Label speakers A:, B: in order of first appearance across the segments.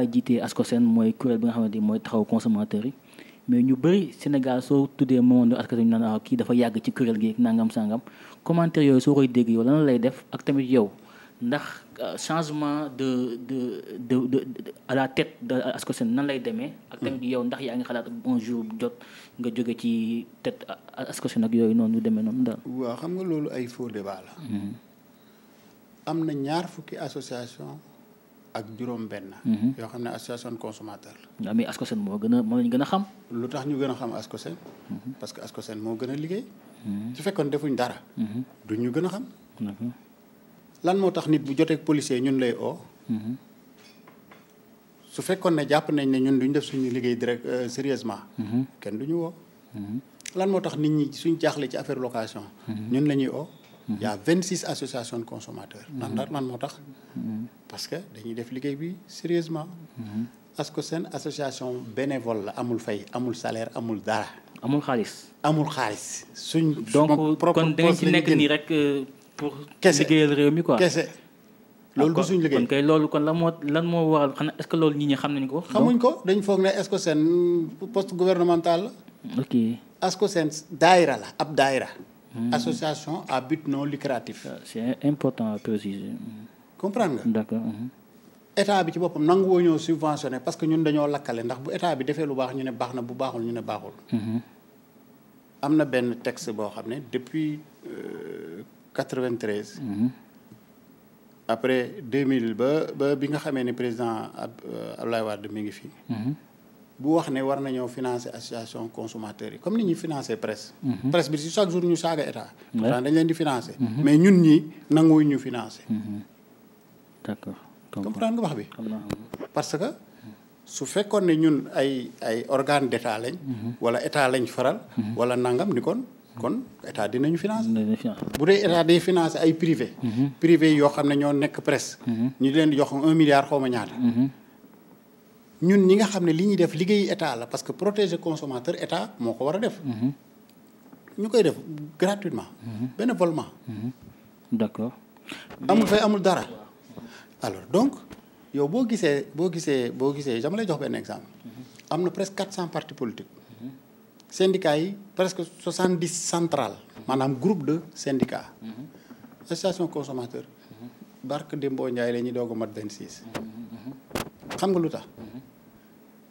A: yaa jiitee ASCOSEN mooy kuréel bi nga xamante ni mooy taxaw consommateurs yi mais ñu bëri Sénégal soo tuddee Mamadou ASCOSEN ah, kii dafa yàgg ci kuréel gi nangam sangam commentaire yooyu soo koy dégg lay def ak tamit yow ndax euh, changement de de de de à la de ASCOSEN nan lay demee. ak hmm. tamit yow
B: ndax yaa ngi xalaat un jour jot nga jóge ci tête
A: ASCOSEN ak yooyu noonu deme noonu daal.
B: waaw xam nga loolu ay faux débat la. Hmm. am na ñaar fukki association. ak juróom-benn. Mhm. yoo xam ne association consommateur la. mais Ascosen moo gën a moo leen gën a xam. lu tax ñu gën a xam Ascosen. Mhm. parce que Ascosen moo gën a liggéey. Mhm. su fekkoon defuñ dara. du ñu gën a xam. lan moo tax nit bu jotee policier ñun lay o su fekkoon ne jàpp nañ ne ñun duñu def suñu liggéey direct euh, sérieusement kenn du ñu woo. lan moo tax nit ñi suñ jaaxle ci affaire location. ñun la ñuy y a vingt six associations de consommateurs mm-hmm. ndax man moo tax mm-hmm. parce que dañuy def liggéey bi sérieusement mm-hmm. parce que seen association bénévole la amul fay amul salaire amul dara amul xaalis amul xaalis suñ donc kon da ngeen ci nekk nii rek
A: euh, pour liggéeyal
B: réew mi quoi kese loolu du ah, suñ liggéey
A: kon loolu kon lan moo lan moo waral xanaa est-ce loolu nit ñi xam nañ ko. xamuñ
B: ko dañ foog ne est-ce que seen poste gouvernemental la. ok est-ce que daayira la ab daayira. Mm. association à but non lucratif. Ah, c'est important à préciser. comprendre nga.
A: d'accord.
C: Uh-huh.
B: état bi ci boppam nanguwoo ñëw subventionné parce que ñun dañoo lakkale ndax bu état bi defee lu baax ñu ne baax na bu baaxul ñu ne baaxul. Uh-huh. am na benn texte boo xam ne depuis euh, quatre-vingt-treize. Uh-huh. après deux mille ba ba bi nga xamee ne président euh, Abdoulaye Wade mi ngi fi. bu wax ne war nañoo financer association consommateurs yi comme ni ñuy financer presse. Mhm. presse bi si chaque jour ñu saaga état. pourtant dañ leen di financer. Mhm. mais ñun ñi nanguwuñ ñu financer. Mhm. d'accord comprendre nga wax bi. parce que su fekkoon ne ñun ay ay organe d'état lañ. wala état lañ faral. wala nangam ni kon. kon état dinañu financer. bu dee état day financer ay privé. privé yoo xam ne ñoo nekk presse. ñu leen di jox un milliard xaw ma ñaata. ñun ñi nga xam ne li ñuy def liggéey état la parce que protéger consommateur état moo ko war a def. Mhm. ñu koy def gratuitement. Mhm. bénévolement.
A: Mhm. d'accord.
B: amul fay amul dara. alors donc yow boo gisee boo gisee boo gisee dama lay jox benn exemple. am na presque quatre cent partis politiques. syndicats yi presque soixante dix centrales. maanaam groupe de syndicats. association consommateur. Barke Dembo Ndiaye la ñuy doog a mat vingt six. xam nga lu tax.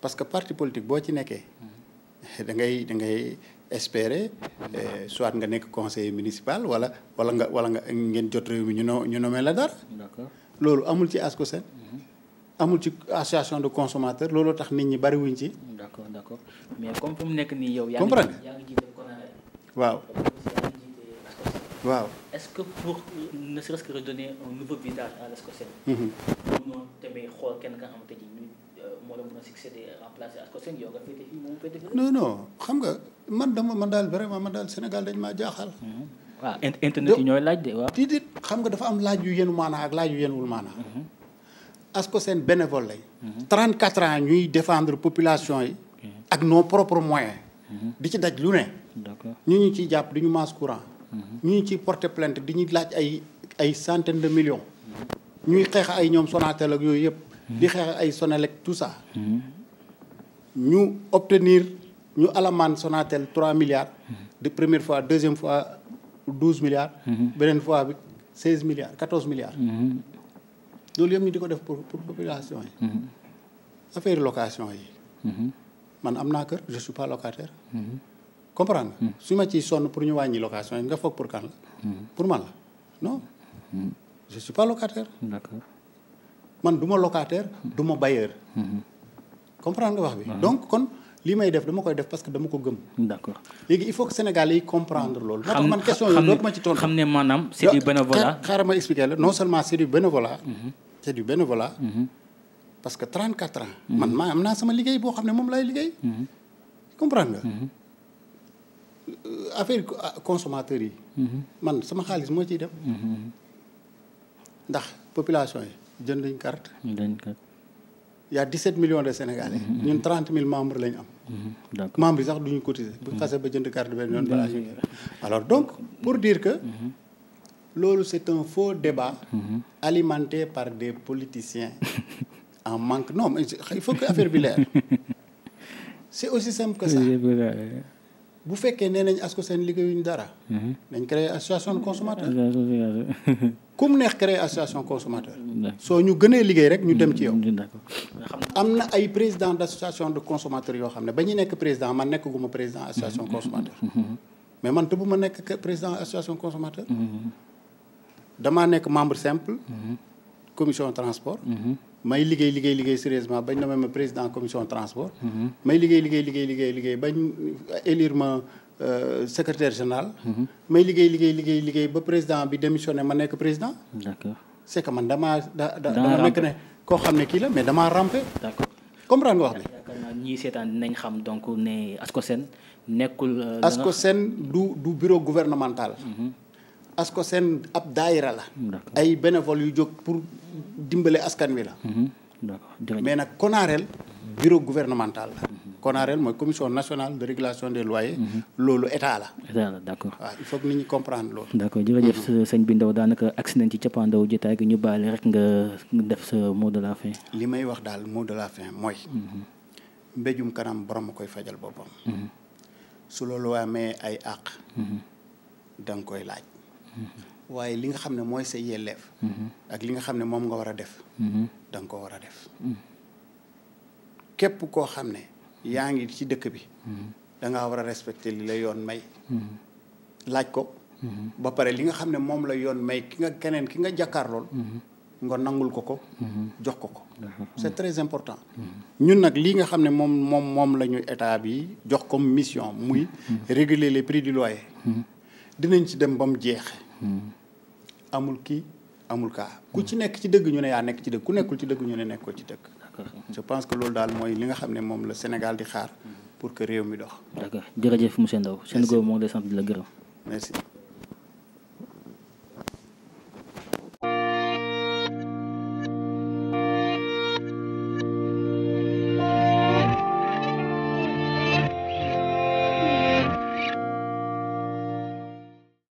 B: parce que parti politique boo ci nekkee hmm. da ngay da ngay espérer eh, soit nga nekk conseil municipal wala wala nga wala nga ngeen jot réew mi ñu no ñu nommé la dara loolu amul ci ASCOSEN hmm. amul ci association de consommateur looloo tax nit ñi bari ci
C: d'accord
A: d'accord mais comme fu mu nekk nii yow yaa ngi jiite waaw waaw est-ce que pour ne serait-ce que moo la mën nga féete fii moom féete fii. non non
B: xam nga man dama man daal vraiment man daal Sénégal dañ maa jaaxal. waaw mm-hmm. ah, internet yi laaj de waaw. tiitit xam nga dafa am laaj yu yenu maanaa ak laaj yu yenuwul maanaa. Mm-hmm. Asco Sène bénévole lañ. 34 mm-hmm. ans ñuy défendre population yi. ak no propres moyens. di ci daj lu ne. ñu ñu ci jàpp di ñu masse courant. ñu ñu ciy porter plainte di ñu laaj ay ay centaine de million ñuy xeex ay ñoom Sonatel ak yooyu yëpp. di xeex ay Senelec tout ça. Hmm. ñu obtenir ñu alamaan Sonatel trois milliards. Hmm. de première fois deuxième fois douze milliards. Hmm. beneen fois bi seize milliards quatorze milliards. loolu yëpp ñu di ko def pour pour population yi. affaire location yi. man am naa kër je suis pas locataire. comprendre su ma ciy sonn pour ñu wàññi location yi nga foog pour kan la. pour man la non. je suis pas locataire. man du ma locataire du ma bailleur. comprendre nga wax bi. donc kon li may def dama koy def parce que dama ko gëm. d'accord léegi il faut que Sénégalais yi comprendre loolu. xam man question yooyu dootuma ci tontu. xam ne maanaam c'est du bénévolat. xaaral ma expliquer la non seulement c'est du bénévolat. Mhm. c'est du bénévolat. Mhm. parce que 34 ans. Mhm. man maa am naa sama boo xam ne moom laay liggéey. comprendre nga. Euh, affaire ah, yi. man sama xaalis moo ciy dem. ndax population yi. jënduñ carte. jënduñ carte. y a millions de sénégalais. Mhm. ñun 30 000 membres la ñu am. Mhm. donc membres yi sax du ñu cotiser. Mhm. bu ñu xasee ba jënd carte benn yoon balaa ñuy alors donc pour dire que. loolu c' est un faux débat. alimenté par des politiciens en manque no mais il faut que affaire bi leer. c' est aussi simple que ça. bu fekkee nee nañ asko seen liggéeyuñ dara. Mhm. nañ créer association de consommateur. ku mu neex créer association consommateur. soo ñu gënee liggéey rek ñu dem ci yow. Mm, am na ay président d' association de consommateur yoo xam ne ba ñu nekk président man nekk gu ma président association consommateur. Mm-hmm. Mm-hmm. mais man tëbu ma nekk président association consommateur. Mm-hmm. damaa nekk membre simple. commission transport. Mm-hmm. may liggéey liggéey liggéey sérieusement bañ nommé ma président commission transport. Mm-hmm. may liggéey liggéey liggéey liggéey bañ euh, élire ma euh, secrétaire général. Mm-hmm. may liggéey liggéey liggéey ba président bi démissionné ma nekk président. d'accord man damaa da dama nekk ne koo xam ne kii la mais damaa ramper. d'accord comprendre nga wax bi. yaakaar naa ñii seetaan nañ xam donc ne ASCOSEN nekkul. Euh, ASCOSEN du du bureau gouvernemental. ASCO seen ab daayira la. ay bénévole yu jóg pour dimbale askan wi la.
C: Mhm.
B: mais nag bureau gouvernemental la. Konarel mooy commission nationale de régulation des loyers. Mhm. loolu état la. état la d' accord waaw il faut que nit ñi comprendre loolu. d'
A: accord jërëjëf mhm. sëñ bi Ndao daanaka agsi nañ ci cappaandaw jotaay gi ñu baale rek nga def sa mot de la fin.
B: li may wax daal mot de la fin mooy. mbéjum kanam borom a koy fajal boppam. su loolu amee ay àq. da koy laaj. waaye li nga xam ne mooy sa mm-hmm. ak li nga xam ne moom nga war a def mm-hmm. da nga ko war a def mm-hmm. képp koo xam ne yaa ngi ci dëkk bi da ngaa war a respecter li la yoon may laaj ko ba pare li nga xam ne moom la yoon may ki nga keneen ki nga jàkkaarlool nga nangul ko ko jox ko ko c'est très important ñun nag lii nga xam ne moom moom moom la ñu état bi jox comme mission muy réguler les prix du loyer dinañ ci dem ba mu jeex Hmm. amul kii amul kaa ku ci nekk ci dëgg ñu ne yaa nekk ci dëgg ku nekkul ci dëgg ñu ne nekkoo ci dëgg. Hmm. je pense que loolu daal mooy li nga xam ne moom la Sénégal di xaar hmm. pour que réew mi dox.
A: d'accord jërëjëf monsieur Ndao. merci seen góob moo ngi lay sant di la gërëm.
B: merci.